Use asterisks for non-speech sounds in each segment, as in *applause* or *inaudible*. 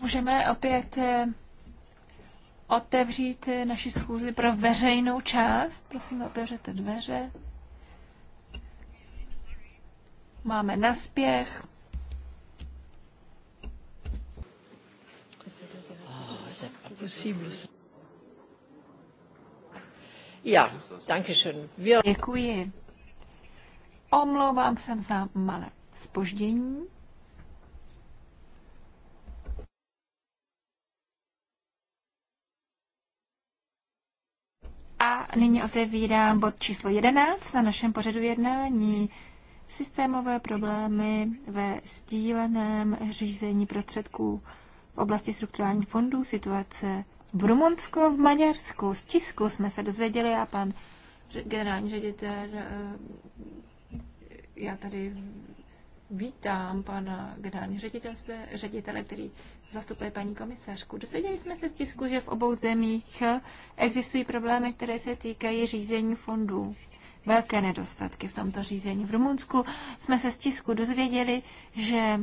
Můžeme opět eh, otevřít eh, naši schůzi pro veřejnou část. Prosím, otevřete dveře. Máme naspěch. Ah, ja, danke schön. Děkuji. Omlouvám se za malé spoždění. nyní otevírám bod číslo 11 na našem pořadu jednání. Systémové problémy ve sdíleném řízení prostředků v oblasti strukturálních fondů, situace v Rumunsku, v Maďarsku. Z tisku jsme se dozvěděli a pan generální ředitel, eh, já tady vítám pana generální ředitele, který zastupuje paní komisařku. Dozvěděli jsme se z tisku, že v obou zemích existují problémy, které se týkají řízení fondů. Velké nedostatky v tomto řízení. V Rumunsku jsme se z tisku dozvěděli, že,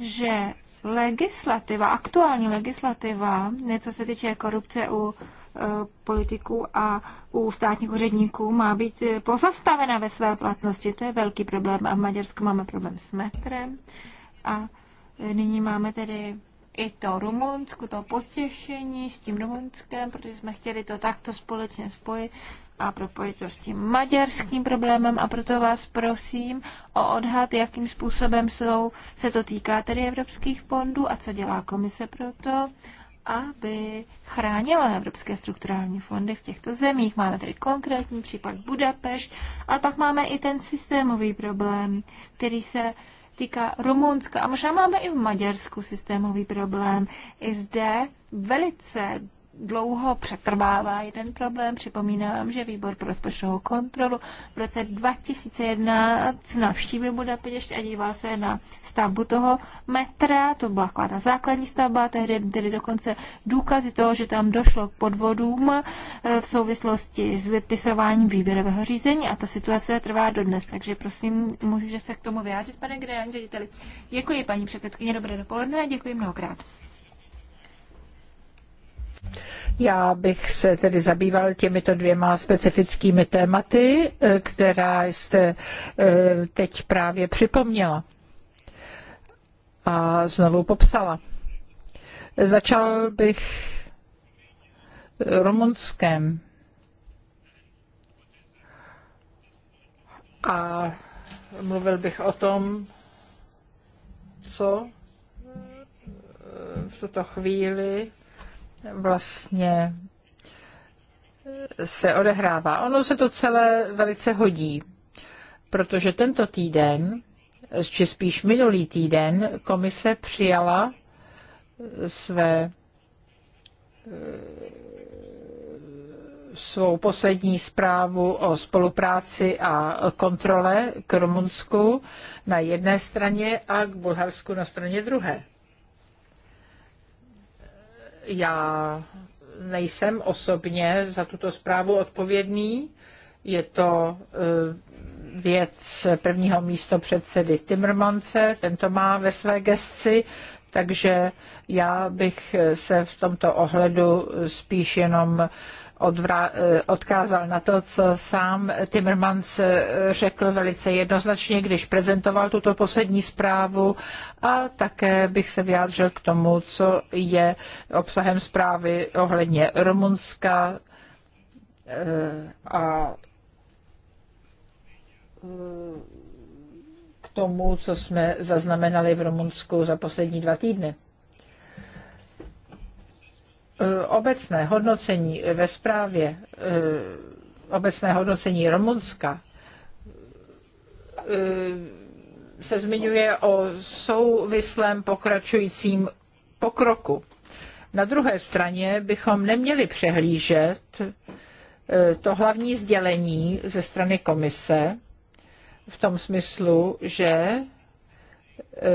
že legislativa, aktuální legislativa, něco se týče korupce u Eh, politiků a u státních úředníků má být eh, pozastavena ve své platnosti. To je velký problém a v Maďarsku máme problém s metrem. A eh, nyní máme tedy i to Rumunsku, to potěšení s tím Rumunskem, protože jsme chtěli to takto společně spojit a propojit to s tím maďarským problémem a proto vás prosím o odhad, jakým způsobem jsou, se to týká tedy evropských fondů a co dělá komise pro to aby chránila evropské strukturální fondy v těchto zemích. Máme tady konkrétní případ Budapešť, ale pak máme i ten systémový problém, který se týká Rumunska a možná máme i v Maďarsku systémový problém. I zde velice dlouho přetrvává jeden problém. Připomínám, že výbor pro rozpočtovou kontrolu v roce 2011 navštívil Budapešť a díval se na stavbu toho metra. To byla taková ta základní stavba, tehdy byly dokonce důkazy toho, že tam došlo k podvodům eh, v souvislosti s vypisováním výběrového řízení a ta situace trvá dodnes. Takže prosím, můžete se k tomu vyjádřit, pane Grejan, řediteli. Děkuji, paní předsedkyně, dobré dopoledne a děkuji mnohokrát. Já bych se tedy zabýval těmito dvěma specifickými tématy, eh, která jste eh, teď právě připomněla a znovu popsala. Začal bych eh, rumunském. A mluvil bych o tom, co v tuto chvíli vlastně se odehrává. Ono se to celé velice hodí, protože tento týden, či spíš minulý týden, komise přijala své svou poslední zprávu o spolupráci a kontrole k Rumunsku na jedné straně a k Bulharsku na straně druhé. Já nejsem osobně za tuto zprávu odpovědný. Je to eh, věc prvního místo předsedy Timmermance, ten to má ve své gesci, takže já bych se v tomto ohledu spíš jenom Eh, odkázal na to, co sám Timmermans eh, řekl velice jednoznačně, když prezentoval tuto poslední zprávu a také bych se vyjádřil k tomu, co je obsahem zprávy ohledně Rumunska eh, a k tomu, co jsme zaznamenali v Rumunsku za poslední dva týdny. Eh, obecné hodnocení ve zprávě eh, obecné hodnocení Rumunska eh, se zmiňuje o souvislém pokračujícím pokroku. Na druhé straně bychom neměli přehlížet to hlavní sdělení ze strany komise v tom smyslu, že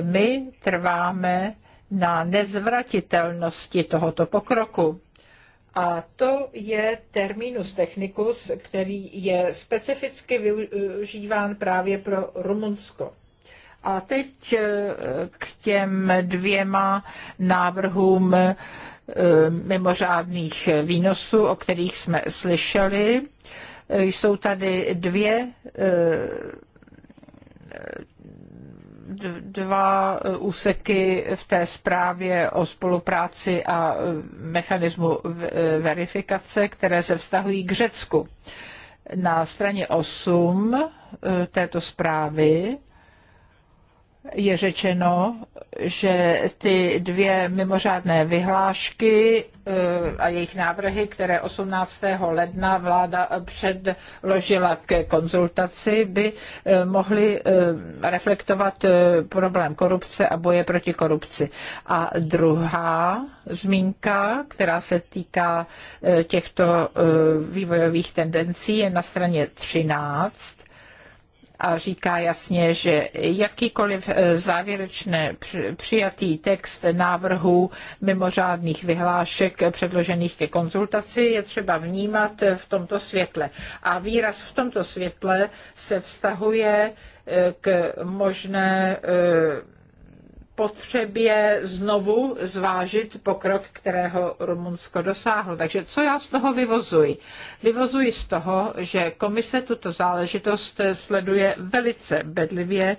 my trváme na nezvratitelnosti tohoto pokroku. A to je terminus technicus, který je specificky využíván právě pro Rumunsko. A teď eh, k těm dvěma návrhům eh, mimořádných výnosů, o kterých jsme slyšeli. Eh, jsou tady dvě dva e, úseky v té zprávě o spolupráci a e, mechanismu e, verifikace, které se vztahují k Řecku. Na straně 8 této zprávy je řečeno, že ty dvě mimořádné vyhlášky eh, a jejich návrhy, které 18. ledna vláda předložila ke konzultaci, by eh, mohly eh, reflektovat problém korupce a boje proti korupci. A druhá zmínka, která se týká těchto vývojových tendencí, je na straně 13 a říká jasně, že jakýkoliv eh, závěrečné přijatý text návrhu mimořádných vyhlášek předložených ke konzultaci je třeba vnímat v tomto světle. A výraz v tomto světle se vztahuje eh, k možné eh, potřebě znovu zvážit pokrok, kterého Rumunsko dosáhlo. Takže co já z toho vyvozuji? Vyvozuji z toho, že komise tuto záležitost sleduje velice bedlivě,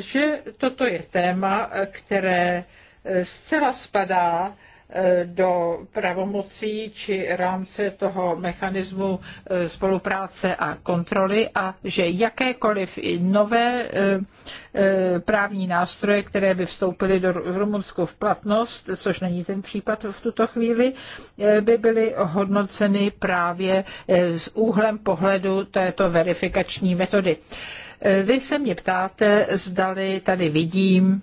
že toto je téma, které zcela spadá Eh, do pravomocí či rámce toho mechanismu eh, spolupráce a kontroly a že jakékoliv nové eh, právní nástroje, které by vstoupily do Rumunsku v platnost, což není ten případ v tuto chvíli, by byly hodnoceny právě s úhlem pohledu této verifikační metody. Vy se mě ptáte, zdali tady vidím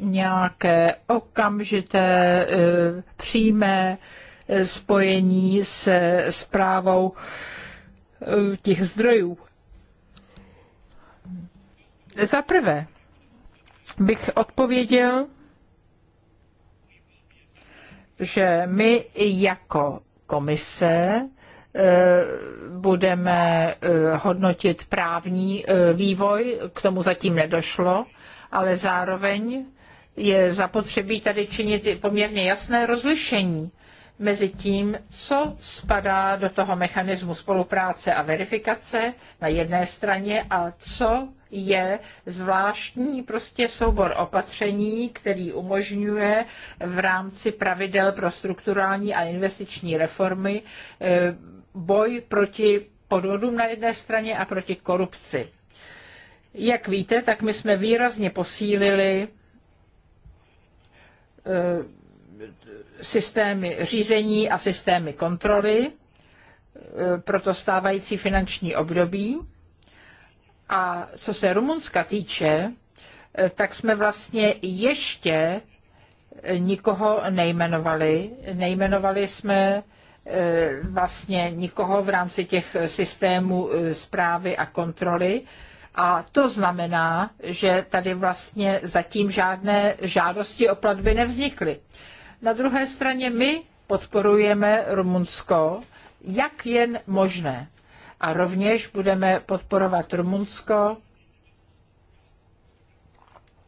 nějaké okamžité eh, přímé eh, spojení se zprávou eh, těch zdrojů. Za prvé bych odpověděl, že my jako komise budeme hodnotit právní vývoj, k tomu zatím nedošlo, ale zároveň je zapotřebí tady činit poměrně jasné rozlišení mezi tím, co spadá do toho mechanismu spolupráce a verifikace na jedné straně a co je zvláštní prostě soubor opatření, který umožňuje v rámci pravidel pro strukturální a investiční reformy eh, boj proti podvodům na jedné straně a proti korupci. Jak víte, tak my jsme výrazně posílili Eh, systémy řízení a systémy kontroly eh, pro to stávající finanční období. A co se Rumunska týče, eh, tak jsme vlastně ještě nikoho nejmenovali. Nejmenovali jsme vlastně nikoho v rámci těch systémů zprávy a kontroly a to znamená, že tady vlastně zatím žádné žádosti o platby nevznikly. Na druhé straně my podporujeme Rumunsko, jak jen možné. A rovněž budeme podporovat Rumunsko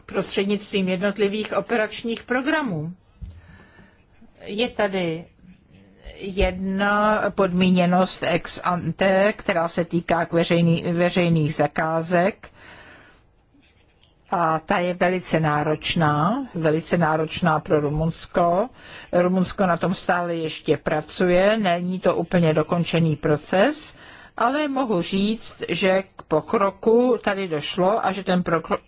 prostřednictvím jednotlivých operačních programů. Je tady jedna podmíněnost ex ante, která se týká k veřejný, veřejných zakázek. A ta je velice náročná, velice náročná pro Rumunsko. Rumunsko na tom stále ještě pracuje, není to úplně dokončený proces ale mohu říct, že k pokroku tady došlo a že ten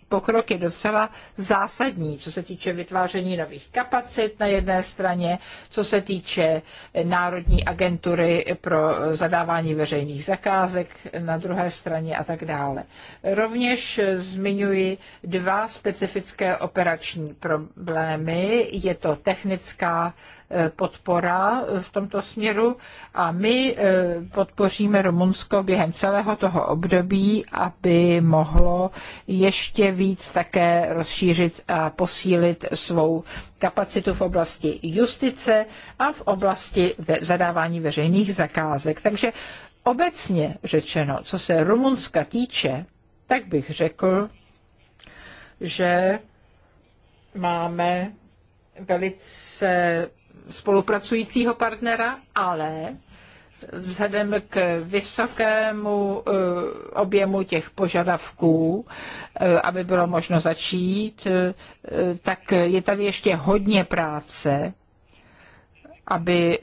pokrok je docela zásadní, co se týče vytváření nových kapacit na jedné straně, co se týče Národní agentury pro zadávání veřejných zakázek na druhé straně a tak dále. Rovněž zmiňuji dva specifické operační problémy. Je to technická Eh, podpora eh, v tomto směru a my eh, podpoříme Rumunsko během celého toho období, aby mohlo ještě víc také rozšířit a posílit svou kapacitu v oblasti justice a v oblasti zadávání veřejných zakázek. Takže obecně řečeno, co se Rumunska týče, tak bych řekl, že máme velice spolupracujícího partnera, ale vzhledem k vysokému eh, objemu těch požadavků, eh, aby bylo možno začít, eh, tak je tady ještě hodně práce, aby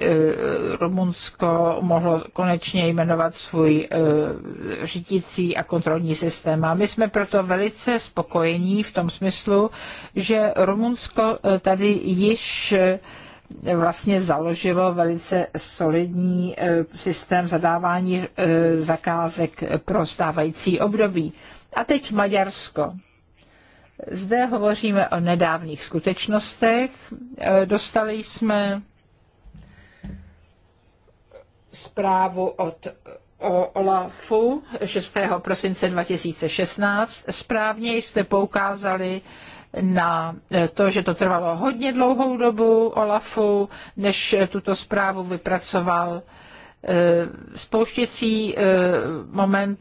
Rumunsko mohlo konečně jmenovat svůj řídící a kontrolní systém. A my jsme proto velice spokojení v tom smyslu, že Rumunsko tady již vlastně založilo velice solidní eh, systém zadávání eh, zakázek pro stávající období. A teď Maďarsko. Zde hovoříme o nedávných skutečnostech. Eh, dostali jsme zprávu od o OLAFu 6. prosince 2016. Správně jste poukázali na eh, to, že to trvalo hodně dlouhou dobu Olafu, než eh, tuto zprávu vypracoval. Eh, spouštěcí moment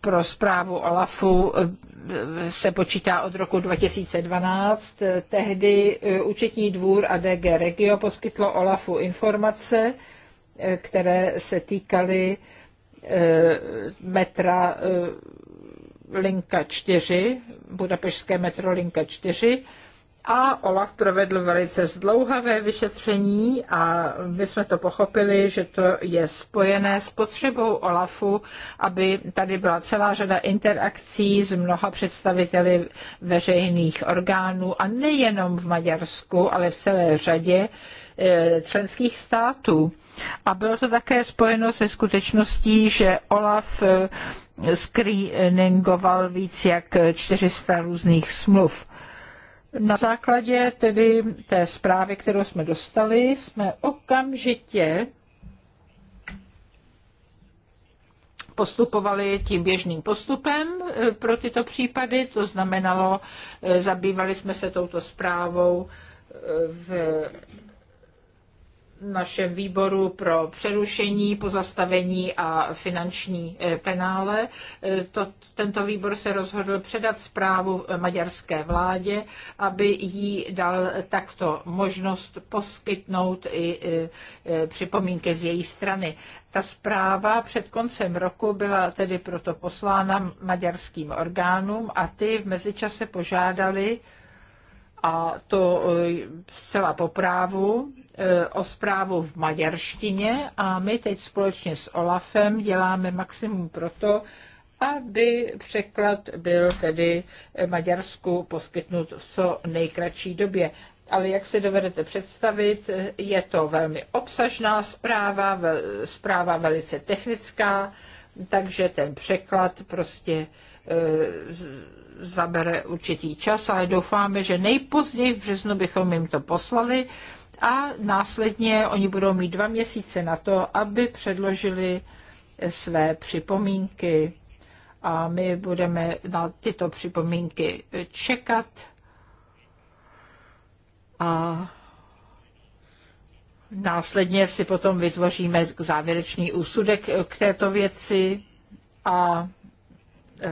pro zprávu OLAFu se počítá od roku 2012. Tehdy účetní dvůr a DG Regio poskytlo OLAFu informace, které se týkaly metra linka 4, budapešské metro linka 4, a Olaf provedl velice zdlouhavé vyšetření a my jsme to pochopili, že to je spojené s potřebou Olafu, aby tady byla celá řada interakcí s mnoha představiteli veřejných orgánů a nejenom v Maďarsku, ale v celé řadě e, členských států. A bylo to také spojeno se skutečností, že Olaf e, screeningoval víc jak 400 různých smluv. Na základě tedy té zprávy, kterou jsme dostali, jsme okamžitě postupovali tím běžným postupem e, pro tyto případy, to znamenalo, e, zabývali jsme se touto zprávou e, v našem výboru pro přerušení, pozastavení a finanční eh, penále. Eh, to, tento výbor se rozhodl předat zprávu maďarské vládě, aby jí dal takto možnost poskytnout i eh, připomínky z její strany. Ta zpráva před koncem roku byla tedy proto poslána maďarským orgánům a ty v mezičase požádali a to zcela po právu, Eh, o zprávu v maďarštině a my teď společně s Olafem děláme maximum pro to, aby překlad byl tedy Maďarsku poskytnut v co nejkratší době. Ale jak si dovedete představit, je to velmi obsažná zpráva, zpráva velice technická, takže ten překlad prostě eh, zabere určitý čas, ale doufáme, že nejpozději v březnu bychom jim to poslali a následně oni budou mít dva měsíce na to, aby předložili své připomínky a my budeme na tyto připomínky čekat a následně si potom vytvoříme závěrečný úsudek k této věci a e,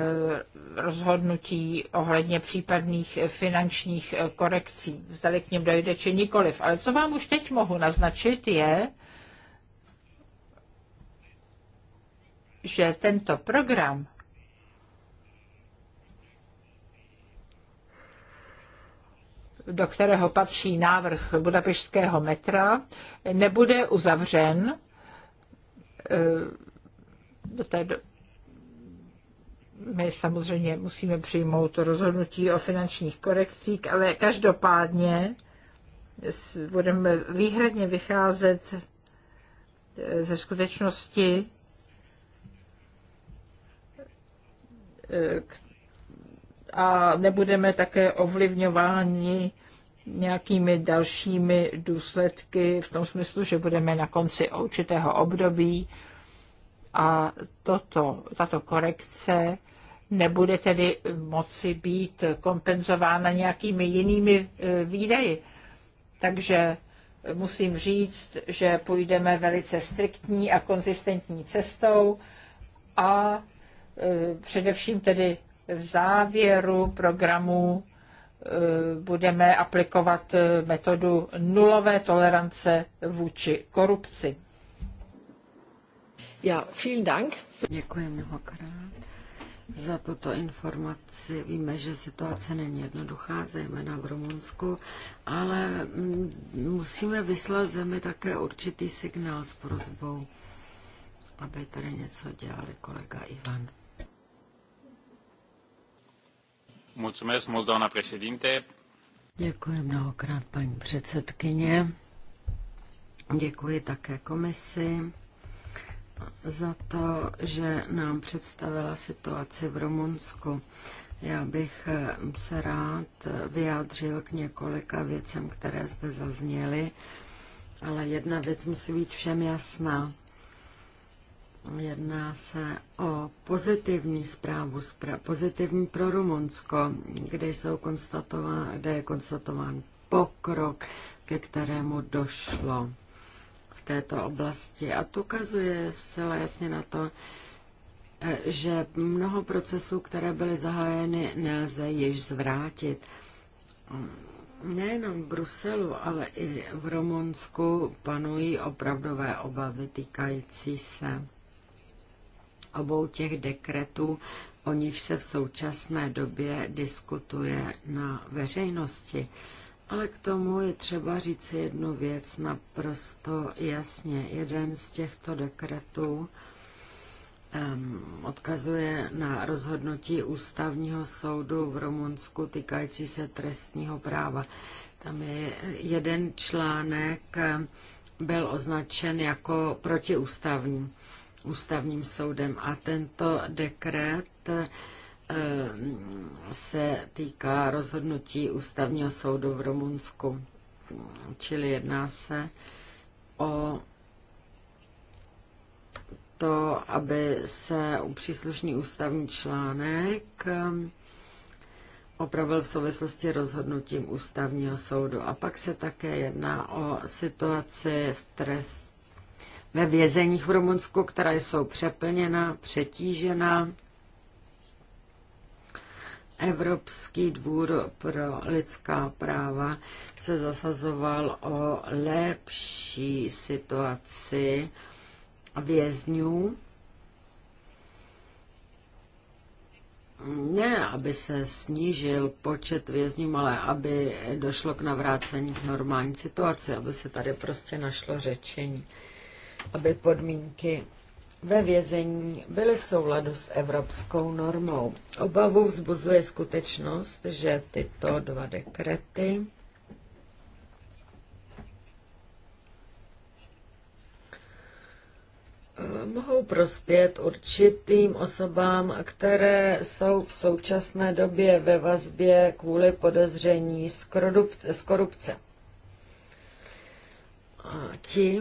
rozhodnutí ohledně případných finančních korekcí, zdali k něm dojde či nikoliv. Ale co vám už teď mohu naznačit je, že tento program do kterého patří návrh budapešského metra, nebude uzavřen eh, do té my samozřejmě musíme přijmout to rozhodnutí o finančních korekcích, ale každopádně budeme výhradně vycházet e, ze skutečnosti, e, a nebudeme také ovlivňováni nějakými dalšími důsledky v tom smyslu, že budeme na konci určitého období a toto, tato korekce nebude tedy moci být kompenzována nějakými jinými e, výdaji. Takže musím říct, že půjdeme velice striktní a konzistentní cestou a e, především tedy v závěru programu e, budeme aplikovat metodu nulové tolerance vůči korupci vielen Dank. Děkuji mnohokrát za tuto informaci. Víme, že situace není jednoduchá, zejména v Rumunsku, ale mm, musíme vyslat zemi také určitý signál s prozbou, aby tady něco dělali kolega Ivan. Mulțumesc mult, doamna președinte. Děkuji mnohokrát, paní předsedkyně. Děkuji také komisi za to, že nám představila situaci v Rumunsku. Já bych eh, se rád vyjádřil k několika věcem, které zde zazněly, ale jedna věc musí být všem jasná. Jedná se o pozitivní zprávu, pozitivní pro Rumunsko, kde, jsou kde je konstatován pokrok, ke kterému došlo této oblasti. A to ukazuje zcela jasně na to, že mnoho procesů, které byly zahájeny, nelze již zvrátit. Nejenom v Bruselu, ale i v Rumunsku panují opravdové obavy týkající se obou těch dekretů, o nich se v současné době diskutuje na veřejnosti. Ale k tomu je třeba říct jednu věc naprosto jasně. Jeden z těchto dekretů um, odkazuje na rozhodnutí ústavního soudu v Rumunsku týkající se trestního práva. Tam je jeden článek byl označen jako protiústavní ústavním soudem a tento dekret Eh, se týká rozhodnutí ústavního soudu v Rumunsku, čili jedná se o to, aby se příslušný ústavní článek eh, opravil v souvislosti rozhodnutím ústavního soudu. A pak se také jedná o situaci v trest, ve vězeních v Rumunsku, která jsou přeplněna, přetížena Evropský dvůr pro lidská práva se zasazoval o lepší situaci vězňů. Ne, aby se snížil počet vězňů, ale aby došlo k navrácení k normální situaci, aby se tady prostě našlo řečení, aby podmínky ve vězení byly v souladu s evropskou normou. Obavu vzbuzuje skutečnost, že tyto dva dekrety mohou prospět určitým osobám, které jsou v současné době ve vazbě kvůli podezření z korupce. A ti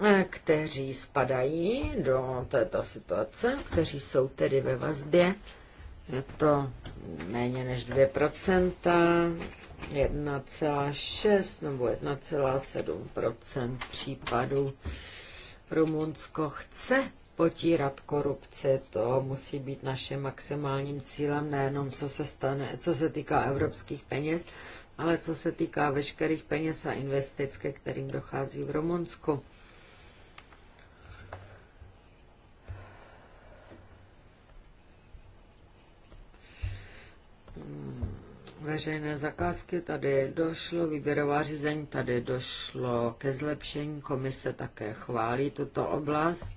Eh, kteří spadají do této situace, kteří jsou tedy ve vazbě. Je to méně než 2%, 1,6 nebo 1,7% případů. Rumunsko chce potírat korupci, to musí být naším maximálním cílem, nejenom co se, stane, co se týká evropských peněz, ale co se týká veškerých peněz a investic, ke kterým dochází v Rumunsku. veřejné zakázky, tady došlo, výběrová řízení, tady došlo ke zlepšení, komise také chválí tuto oblast.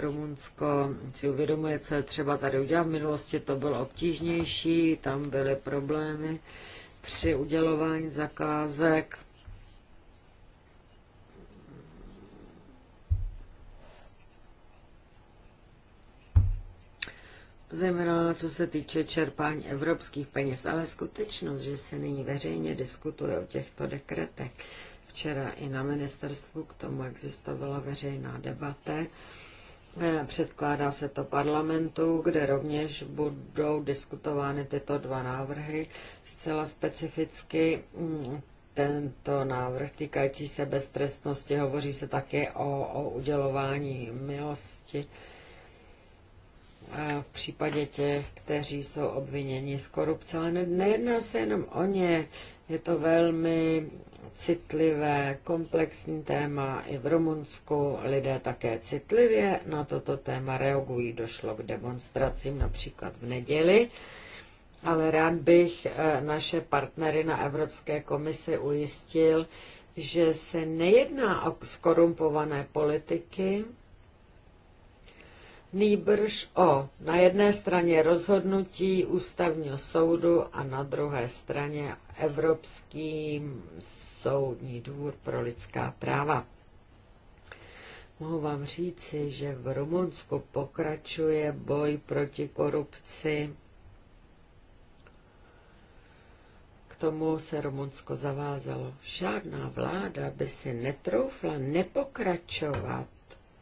Rumunsko si uvědomuje, co je třeba tady udělat. V minulosti to bylo obtížnější, tam byly problémy při udělování zakázek. zejména co se týče čerpání evropských peněz, ale skutečnost, že se nyní veřejně diskutuje o těchto dekretech. Včera i na ministerstvu k tomu existovala veřejná debata. Eh, předkládá se to parlamentu, kde rovněž budou diskutovány tyto dva návrhy. Zcela specificky mm, tento návrh týkající se beztrestnosti hovoří se také o, o udělování milosti v případě těch, kteří jsou obviněni z korupce, ale nejedná se jenom o ně, je to velmi citlivé, komplexní téma. I v Rumunsku lidé také citlivě na toto téma reagují. Došlo k demonstracím například v neděli, ale rád bych eh, naše partnery na Evropské komisi ujistil, že se nejedná o skorumpované politiky, nýbrž o na jedné straně rozhodnutí ústavního soudu a na druhé straně Evropský soudní dvůr pro lidská práva. Mohu vám říci, že v Rumunsku pokračuje boj proti korupci. K tomu se Rumunsko zavázalo. Žádná vláda by si netroufla nepokračovat,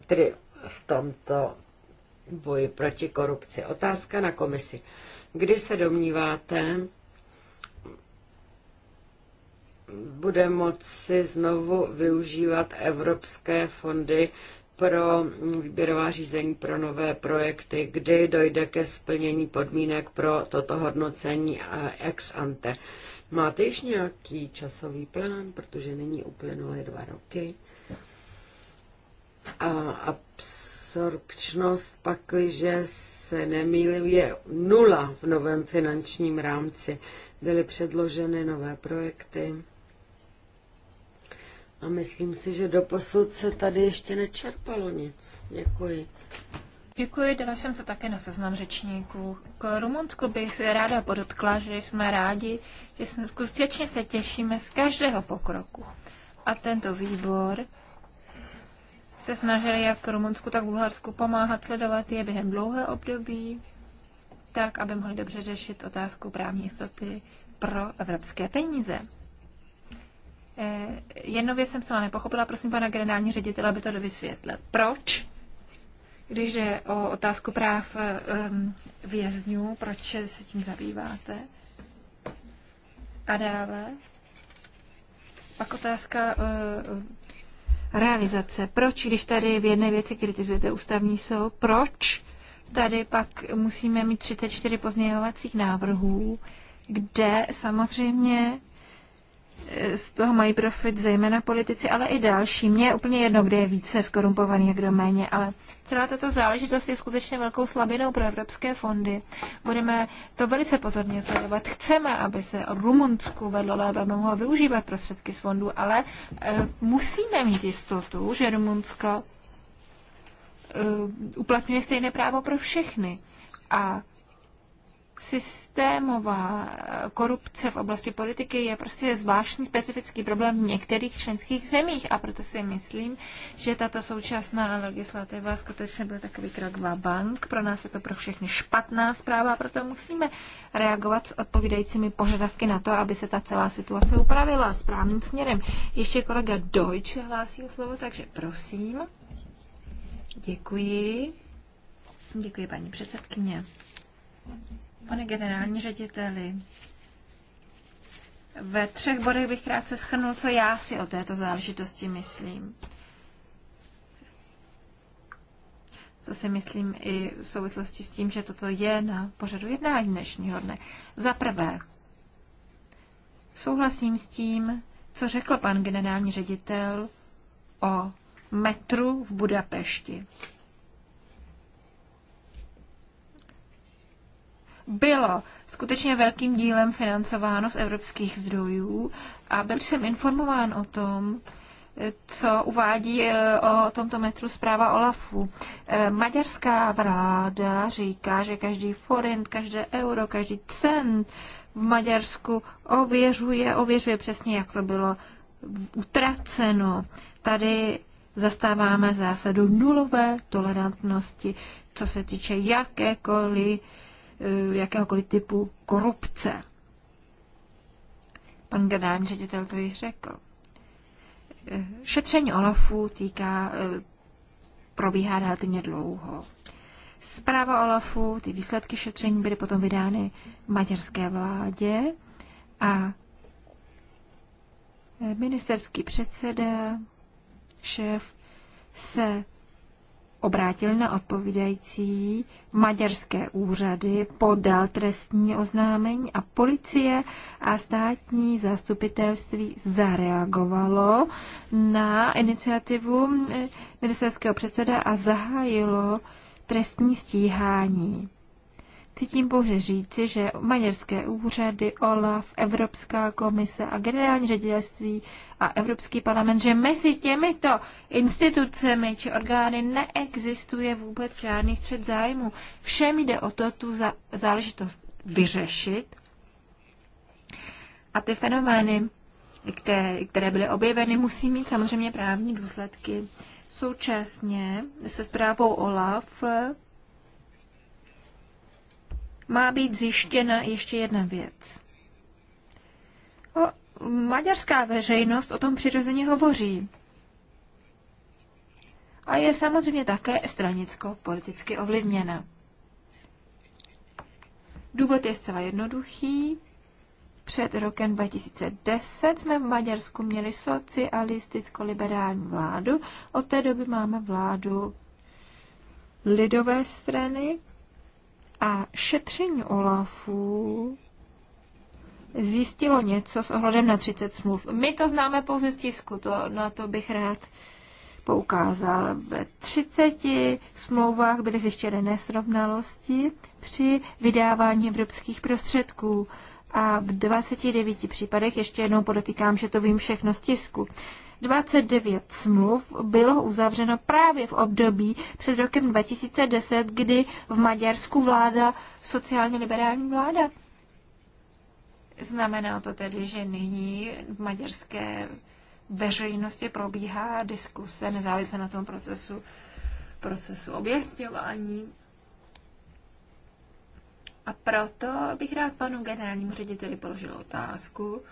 tedy v tomto boji proti korupci. Otázka na komisi. Kdy se domníváte, bude moci znovu využívat evropské fondy pro výběrová řízení pro nové projekty, kdy dojde ke splnění podmínek pro toto hodnocení ex ante. Máte již nějaký časový plán, protože nyní uplynuly dva roky a, a absorpčnost, pakliže se nemýlil, je nula v novém finančním rámci. Byly předloženy nové projekty. A myslím si, že posud se tady ještě nečerpalo nic. Děkuji. Děkuji, dala jsem se také na seznam řečníků. K Rumunsku bych ráda podotkla, že jsme rádi, že skutečně se těšíme z každého pokroku. A tento výbor se snažili jak Rumunsku, tak Bulharsku pomáhat sledovat je během dlouhé období, tak, aby mohli dobře řešit otázku právní jistoty pro evropské peníze. Eh, Jednou věc jsem celá nepochopila, prosím pana generální ředitele, aby to dovysvětlil. Proč, když je o otázku práv eh, vězňů, proč se tím zabýváte? A dále, pak otázka eh, realizace. Proč, když tady v jedné věci kritizujete ústavní soud, proč tady pak musíme mít 34 pozměňovacích návrhů, kde samozřejmě z toho mají profit zejména politici, ale i další. Mně je úplně jedno, kde je více skorumpovaný a kdo méně, ale celá tato záležitost je skutečně velkou slabinou pro evropské fondy. Budeme to velice pozorně sledovat. Chceme, aby se Rumunsku vedlo lépe, aby mohlo využívat prostředky z fondů, ale e, musíme mít jistotu, že Rumunsko e, uplatňuje stejné právo pro všechny. A systémová eh, korupce v oblasti politiky je prostě zvláštní specifický problém v některých členských zemích a proto si myslím, že tato současná legislativa skutečně byl takový krok v bank. Pro nás je to pro všechny špatná zpráva a proto musíme reagovat s odpovídajícími požadavky na to, aby se ta celá situace upravila správným směrem. Ještě kolega Deutsch hlásí o slovo, takže prosím. Děkuji. Děkuji, paní předsedkyně. Pane generální řediteli, ve třech bodech bych krátce schrnul, co já si o této záležitosti myslím. Co si myslím i v souvislosti s tím, že toto je na pořadu jednání dnešního dne. Za prvé, souhlasím s tím, co řekl pan generální ředitel o metru v Budapešti. bylo skutečně velkým dílem financováno z evropských zdrojů a byl jsem informován o tom, eh, co uvádí eh, o tomto metru zpráva Olafu. Eh, maďarská vláda říká, že každý forint, každé euro, každý cent v Maďarsku ověřuje, ověřuje přesně, jak to bylo utraceno. Tady zastáváme zásadu nulové tolerantnosti, co se týče jakékoliv Eh, jakéhokoliv typu korupce. Pan generální ředitel to již řekl. Eh, šetření Olafu týká, eh, probíhá relativně dlouho. Zpráva Olafu, ty výsledky šetření byly potom vydány maďarské vládě a ministerský předseda, šéf se obrátil na odpovídající maďarské úřady, podal trestní oznámení a policie a státní zastupitelství zareagovalo na iniciativu eh, ministerského předseda a zahájilo trestní stíhání. Chci tím pouze říci, že maďarské úřady, OLAF, Evropská komise a generální ředitelství a Evropský parlament, že mezi těmito institucemi či orgány neexistuje vůbec žádný střed zájmu. Všem jde o to tu záležitost vyřešit. A ty fenomény, které, které byly objeveny, musí mít samozřejmě právní důsledky. Současně se zprávou OLAF má být zjištěna ještě jedna věc. O, maďarská veřejnost o tom přirozeně hovoří. A je samozřejmě také stranicko-politicky ovlivněna. Důvod je zcela jednoduchý. Před rokem 2010 jsme v Maďarsku měli socialisticko-liberální vládu. Od té doby máme vládu lidové strany, a šetření Olafu zjistilo něco s ohledem na 30 smluv. My to známe pouze z tisku, to, na to bych rád poukázal. Ve 30 smlouvách byly zjištěny nesrovnalosti při vydávání evropských prostředků a v 29 případech, ještě jednou podotýkám, že to vím všechno z tisku, 29 smluv bylo uzavřeno právě v období před rokem 2010, kdy v Maďarsku vláda sociálně liberální vláda. Znamená to tedy, že nyní v maďarské veřejnosti probíhá diskuse nezávisle na tom procesu, procesu objasňování. A proto bych rád panu generálnímu řediteli položil otázku,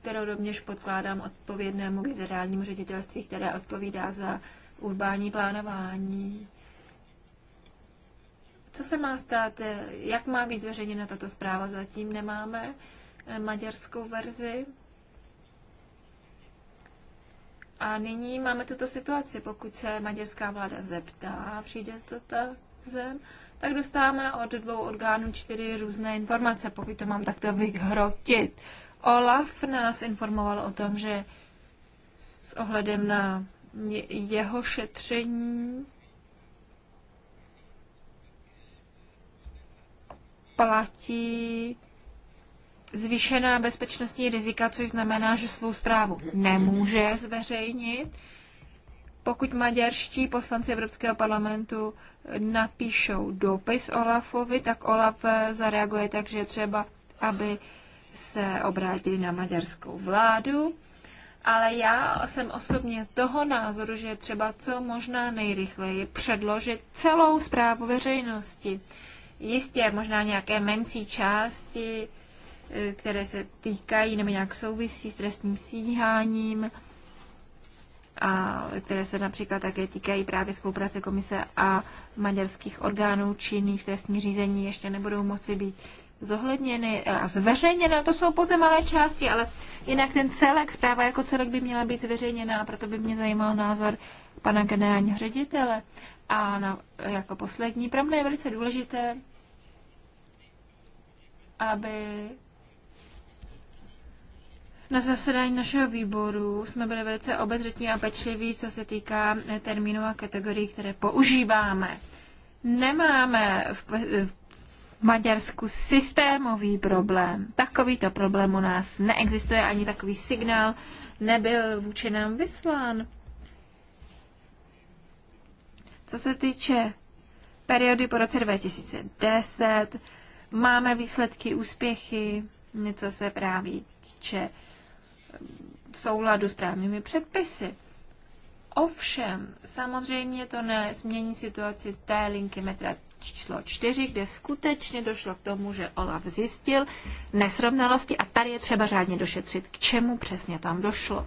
kterou rovněž podkládám odpovědnému generálnímu ředitelství, které odpovídá za urbání plánování. Co se má stát, jak má být zveřejněna tato zpráva? Zatím nemáme eh, maďarskou verzi. A nyní máme tuto situaci. Pokud se maďarská vláda zeptá, přijde z zem, tak dostáváme od dvou orgánů čtyři různé informace, pokud to mám takto vyhrotit. Olaf nás informoval o tom, že s ohledem na jeho šetření platí zvýšená bezpečnostní rizika, což znamená, že svou zprávu nemůže zveřejnit. Pokud maďarští poslanci Evropského parlamentu napíšou dopis Olafovi, tak Olaf zareaguje tak, že třeba, aby se obrátili na maďarskou vládu, ale já jsem osobně toho názoru, že třeba co možná nejrychleji předložit celou zprávu veřejnosti. Jistě možná nějaké menší části, eh, které se týkají nebo nějak souvisí s trestním stíháním, a které se například také týkají právě spolupráce komise a maďarských orgánů činných v trestní řízení, ještě nebudou moci být zohledněny a zveřejněny. To jsou pouze malé části, ale jinak ten celek, zpráva jako celek by měla být zveřejněna a proto by mě zajímal názor pana generálního ředitele. A na, jako poslední, pro mě je velice důležité, aby na zasedání našeho výboru jsme byli velice obezřetní a pečliví, co se týká termínů a kategorií, které používáme. Nemáme v Maďarsku systémový problém. Takovýto problém u nás neexistuje, ani takový signál nebyl vůči nám vyslán. Co se týče periody po roce 2010, máme výsledky, úspěchy, něco se právě týče eh, souladu s právními předpisy. Ovšem, samozřejmě to nezmění situaci té linky metra číslo 4, kde skutečně došlo k tomu, že Olaf zjistil nesrovnalosti a tady je třeba řádně došetřit, k čemu přesně tam došlo.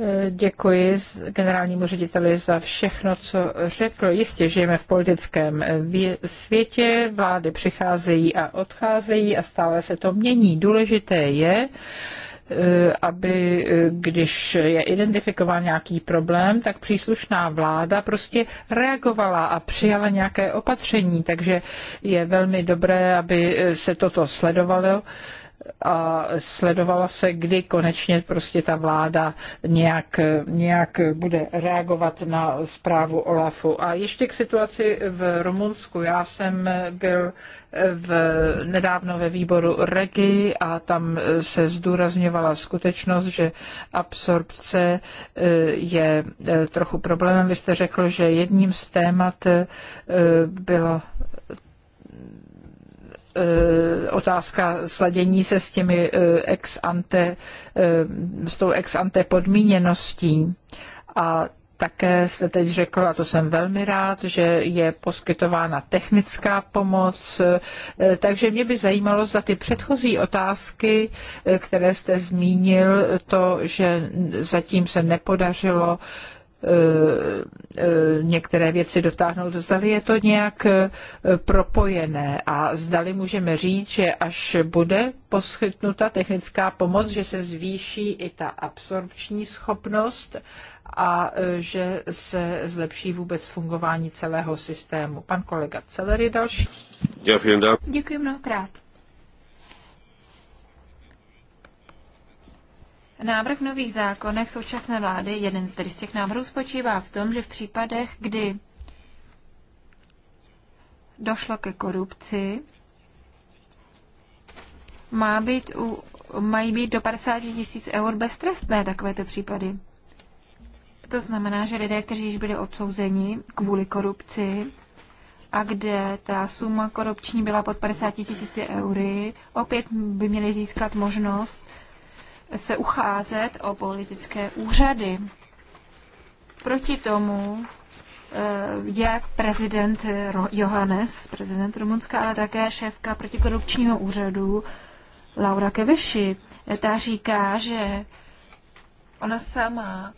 Eh, děkuji generálnímu řediteli za všechno, co řekl. Jistě žijeme v politickém eh, světě, vlády přicházejí a odcházejí a stále se to mění. Důležité je, Eh, aby eh, když je identifikován nějaký problém, tak příslušná vláda prostě reagovala a přijala nějaké opatření. Takže je velmi dobré, aby eh, se toto sledovalo a sledovalo se, kdy konečně prostě ta vláda nějak, nějak bude reagovat na zprávu Olafu. A ještě k situaci v Rumunsku. Já jsem byl v, nedávno ve výboru REGI a tam se zdůrazňovala skutečnost, že absorpce eh, je eh, trochu problémem. Vy jste řekl, že jedním z témat eh, bylo Eh, otázka sladění se s těmi eh, ex ante, eh, s tou ex ante podmíněností. A také jste teď řekl, a to jsem velmi rád, že je poskytována technická pomoc. Takže mě by zajímalo, zda ty předchozí otázky, které jste zmínil, to, že zatím se nepodařilo Eh, eh, některé věci dotáhnout, zdali je to nějak eh, propojené a zdali můžeme říct, že až bude poskytnuta technická pomoc, že se zvýší i ta absorpční schopnost a že se zlepší vůbec fungování celého systému. Pan kolega Celery další. Děkuji mnohokrát. Návrh nových zákonech současné vlády, jeden z těch návrhů spočívá v tom, že v případech, kdy došlo ke korupci, má být u, mají být do 50 tisíc eur beztrestné takovéto případy. To znamená, že lidé, kteří již byli odsouzeni kvůli korupci a kde ta suma korupční byla pod 50 tisíci eury, opět by měli získat možnost se ucházet o politické úřady. Proti tomu eh, je prezident Johannes, prezident Rumunska, ale také šéfka protikorupčního úřadu Laura Keviši. Eh, ta říká, že ona sama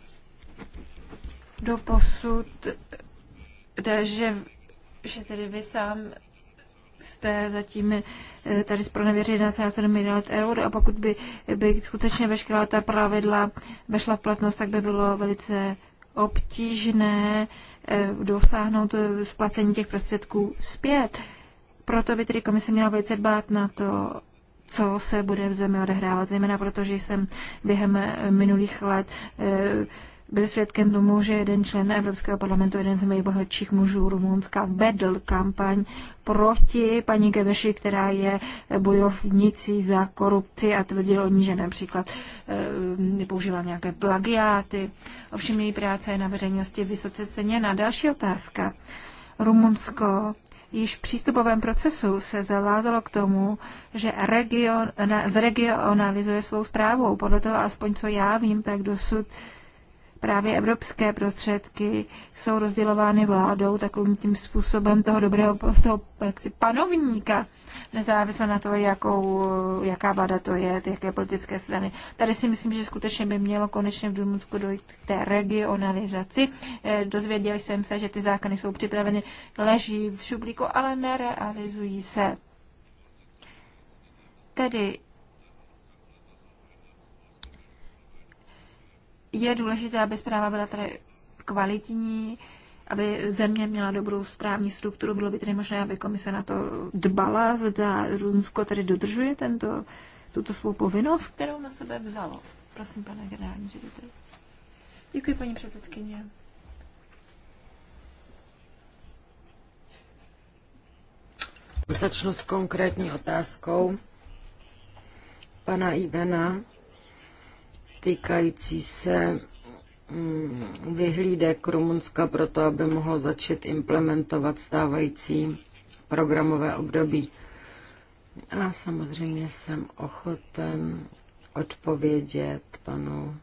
do posud, že, že tedy vy sám jste zatím eh, tady zpronevěřili 1,7 miliard eur a pokud by, by skutečně veškerá ta pravidla vešla v platnost, tak by bylo velice obtížné eh, dosáhnout eh, splacení těch prostředků zpět. Proto by tedy komise měla velice dbát na to, co se bude v zemi odehrávat, zejména protože jsem během minulých let byli svědkem tomu, že jeden člen Evropského parlamentu, jeden z nejbohatších mužů Rumunska, vedl kampaň proti paní Geveši, která je bojovnicí za korupci a tvrdil o ní, že například e, eh, používal nějaké plagiáty. Ovšem její práce je na veřejnosti vysoce ceněna. Další otázka. Rumunsko již v přístupovém procesu se zavázalo k tomu, že region, zregionalizuje svou zprávou. Podle toho, aspoň co já vím, tak dosud právě evropské prostředky jsou rozdělovány vládou takovým tím způsobem toho dobrého toho, jaksi, panovníka, nezávisle na to, jakou, jaká vláda to je, jaké politické strany. Tady si myslím, že skutečně by mělo konečně v Rumunsku dojít k té regionalizaci. Eh, dozvěděl jsem se, že ty zákony jsou připraveny, leží v šuplíku, ale nerealizují se. Tedy je důležité, aby zpráva byla tady kvalitní, aby země měla dobrou správní strukturu, bylo by tedy možné, aby komise na to dbala, zda Rusko tedy dodržuje tento, tuto svou povinnost, kterou na sebe vzalo. Prosím, pane generální ředitel. Děkuji, paní předsedkyně. Začnu s konkrétní otázkou pana Ivena týkající se mm, vyhlídek Rumunska pro to, aby mohlo začít implementovat stávající programové období. A samozřejmě jsem ochoten odpovědět panu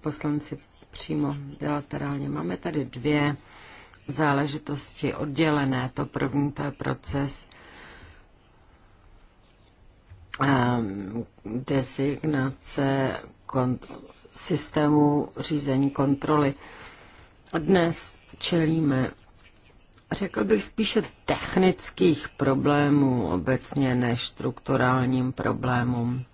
poslanci přímo bilaterálně. Máme tady dvě záležitosti oddělené. To první to je proces ehm, designace systému řízení kontroly. Dnes čelíme, řekl bych, spíše technických problémů obecně než strukturálním problémům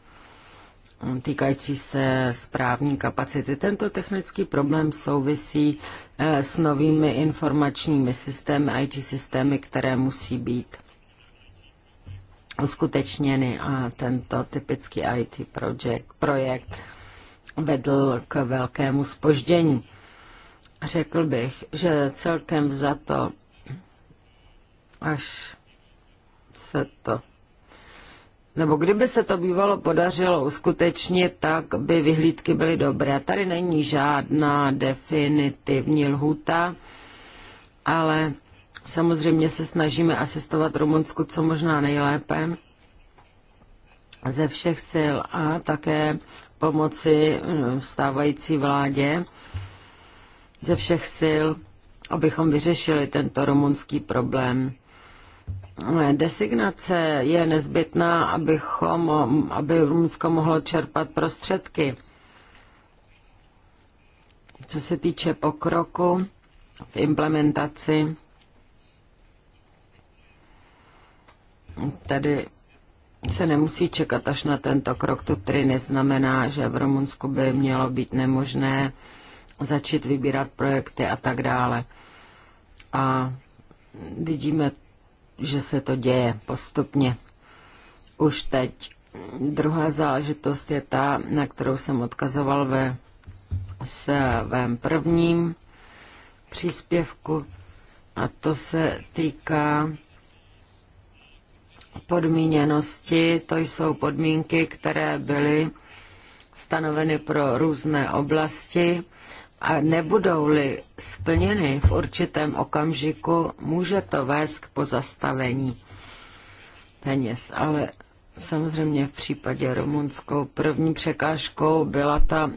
týkající se správní kapacity. Tento technický problém souvisí eh, s novými informačními systémy, IT systémy, které musí být uskutečněny a tento typický IT project, projekt vedl k velkému spoždění. Řekl bych, že celkem za to, až se to nebo kdyby se to bývalo podařilo uskutečnit, tak by vyhlídky byly dobré. Tady není žádná definitivní lhuta, ale samozřejmě se snažíme asistovat Rumunsku co možná nejlépe ze všech sil a také pomoci eh, stávající vládě ze všech sil, abychom vyřešili tento rumunský problém. Eh, designace je nezbytná, abychom, aby Rumunsko mohlo čerpat prostředky. Co se týče pokroku v implementaci, tady se nemusí čekat až na tento krok. To tedy neznamená, že v Rumunsku by mělo být nemožné začít vybírat projekty a tak dále. A vidíme, že se to děje postupně. Už teď. Druhá záležitost je ta, na kterou jsem odkazoval ve svém prvním příspěvku a to se týká podmíněnosti, to jsou podmínky, které byly stanoveny pro různé oblasti a nebudou-li splněny v určitém okamžiku, může to vést k pozastavení peněz. Ale samozřejmě v případě rumunskou první překážkou byla ta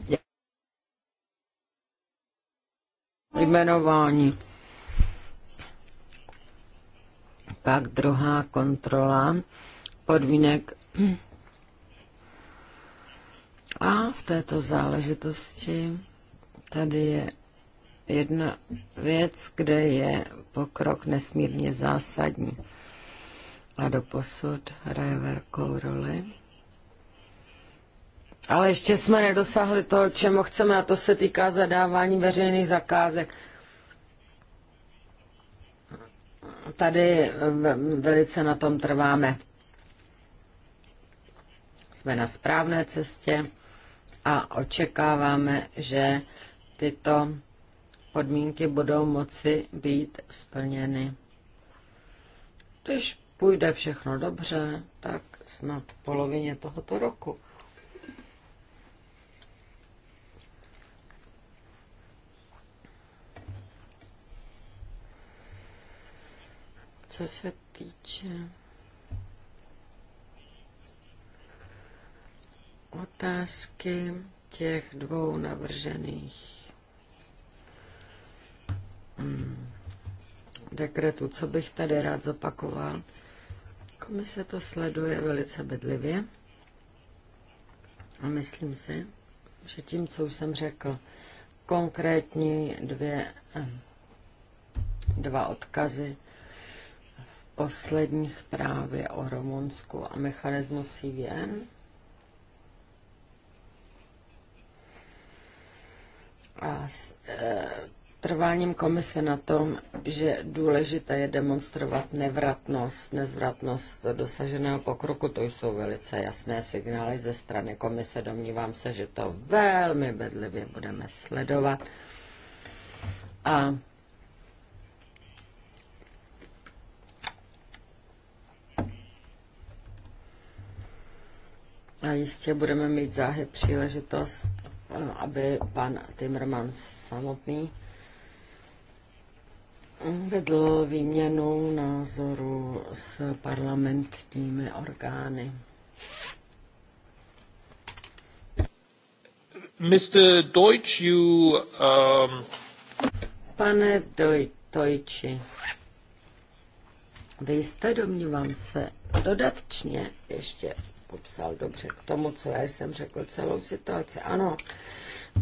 jmenování Pak druhá kontrola podmínek. A v této záležitosti tady je jedna věc, kde je pokrok nesmírně zásadní. A doposud hraje velkou roli. Ale ještě jsme nedosáhli toho, čemu chceme, a to se týká zadávání veřejných zakázek tady velice na tom trváme. Jsme na správné cestě a očekáváme, že tyto podmínky budou moci být splněny. Když půjde všechno dobře, tak snad v polovině tohoto roku. co se týče otázky těch dvou navržených hmm. dekretů, co bych tady rád zopakoval. Komise to sleduje velice bedlivě a myslím si, že tím, co už jsem řekl, konkrétní dvě, eh, dva odkazy poslední zprávy o Rumunsku a mechanismu CVN. A s e, trváním komise na tom, že důležité je demonstrovat nevratnost, nezvratnost dosaženého pokroku, to jsou velice jasné signály ze strany komise. Domnívám se, že to velmi bedlivě budeme sledovat. A A jistě budeme mít záhy příležitost, eh, aby pan Timmermans samotný vedl výměnu názoru s parlamentními orgány. Mr. Deutsch, you, um... Pane Deutschi, vy jste, domnívám se, dodatečně ještě popsal dobře k tomu, co já jsem řekl, celou situaci. Ano,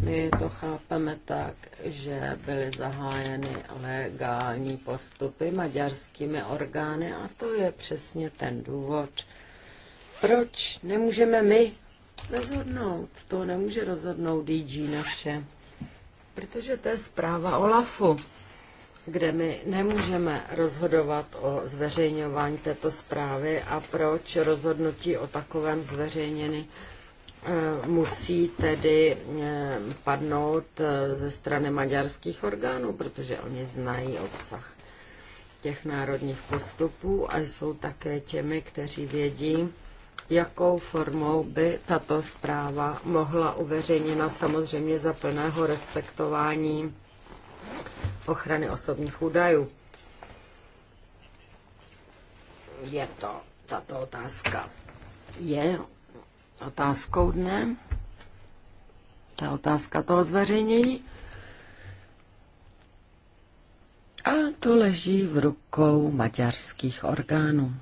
my to chápeme tak, že byly zahájeny legální postupy maďarskými orgány a to je přesně ten důvod, proč nemůžeme my rozhodnout. To nemůže rozhodnout DG naše, protože to je zpráva OLAFu kde my nemůžeme rozhodovat o zveřejňování této zprávy a proč rozhodnutí o takovém zveřejnění eh, musí tedy eh, padnout eh, ze strany maďarských orgánů, protože oni znají obsah těch národních postupů a jsou také těmi, kteří vědí, jakou formou by tato zpráva mohla uveřejněna samozřejmě za plného respektování ochrany osobních údajů. Je to tato otázka. Je otázkou dne ta otázka toho zveřejnění. A to leží v rukou maďarských orgánů.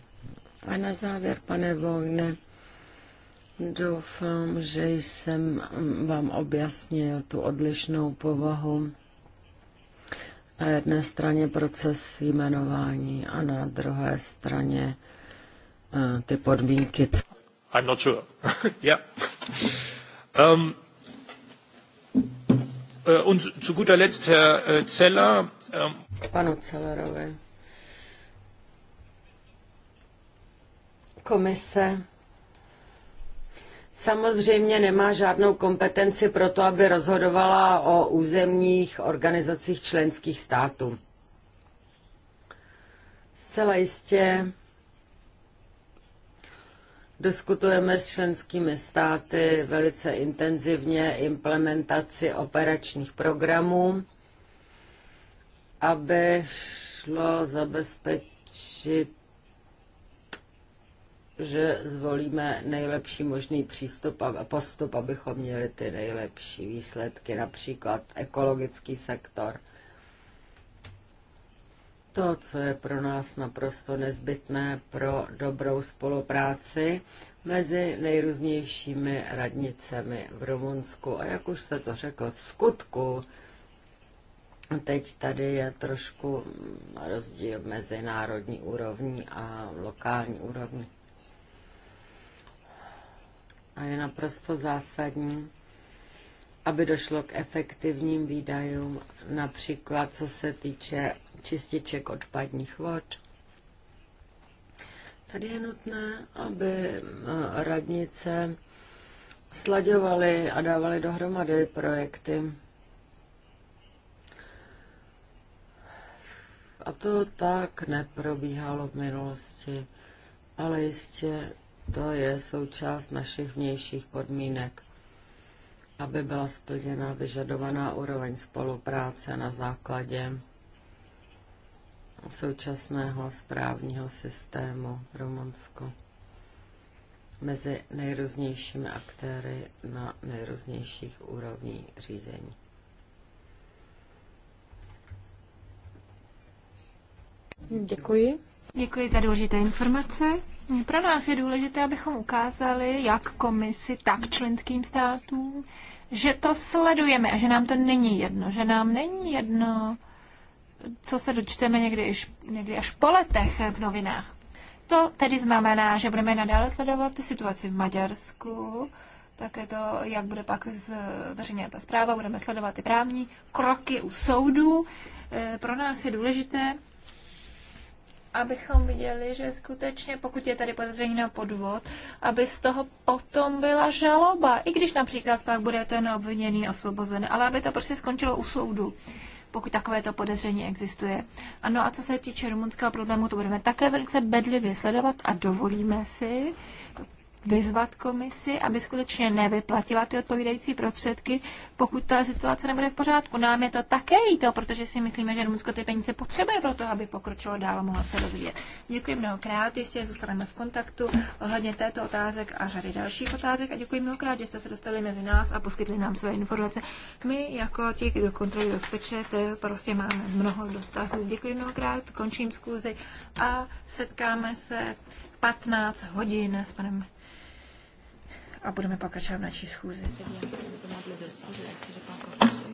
A na závěr, pane Vojne, doufám, že jsem vám objasnil tu odlišnou povahu na jedné straně proces jmenování a na druhé straně eh, ty podmínky. I'm not sure. *laughs* yeah. Um, eh, und zu guter Letzt, Herr äh, Zeller. Um... Panu Zellerovi. Komise samozřejmě nemá žádnou kompetenci pro to, aby rozhodovala o územních organizacích členských států. Zcela jistě diskutujeme s členskými státy velice intenzivně implementaci operačních programů, aby šlo zabezpečit že zvolíme nejlepší možný přístup a postup, abychom měli ty nejlepší výsledky, například ekologický sektor. To, co je pro nás naprosto nezbytné pro dobrou spolupráci mezi nejrůznějšími radnicemi v Rumunsku. A jak už jste to řekl, v skutku Teď tady je trošku rozdíl mezi národní úrovní a lokální úrovní a je naprosto zásadní, aby došlo k efektivním výdajům, například co se týče čističek odpadních vod. Tady je nutné, aby eh, radnice slaďovaly a dávaly dohromady projekty. A to tak neprobíhalo v minulosti, ale jistě to je součást našich vnějších podmínek, aby byla splněna vyžadovaná úroveň spolupráce na základě současného správního systému v Rumunsku mezi nejrůznějšími aktéry na nejrůznějších úrovní řízení. Děkuji. Děkuji za důležité informace. Pro nás je důležité, abychom ukázali, jak komisi, tak členským státům, že to sledujeme a že nám to není jedno, že nám není jedno, co se dočteme někdy, někdy až po letech v novinách. To tedy znamená, že budeme nadále sledovat situaci v Maďarsku, také to, jak bude pak zveřejněna ta zpráva, budeme sledovat ty právní kroky u soudů. E, pro nás je důležité, abychom viděli, že skutečně, pokud je tady podezření na podvod, aby z toho potom byla žaloba, i když například pak bude ten obviněný osvobozen, ale aby to prostě skončilo u soudu pokud takovéto podezření existuje. Ano, a co se týče rumunského problému, to budeme také velice bedlivě sledovat a dovolíme si vyzvat komisi, aby skutečně nevyplatila ty odpovídající prostředky, pokud ta situace nebude v pořádku. Nám je to také líto, protože si myslíme, že Rumunsko ty peníze potřebuje pro to, aby pokročilo dál a mohlo se rozvíjet. Děkuji mnohokrát, jistě zůstaneme v kontaktu ohledně této otázek a řady dalších otázek a děkuji mnohokrát, že jste se dostali mezi nás a poskytli nám své informace. My jako ti, kdo kontrolují rozpočet, eh, prostě máme mnoho dotazů. Děkuji mnohokrát, končím zkůzi a setkáme se 15 hodin s panem a budeme pokračovat v naší schůzi.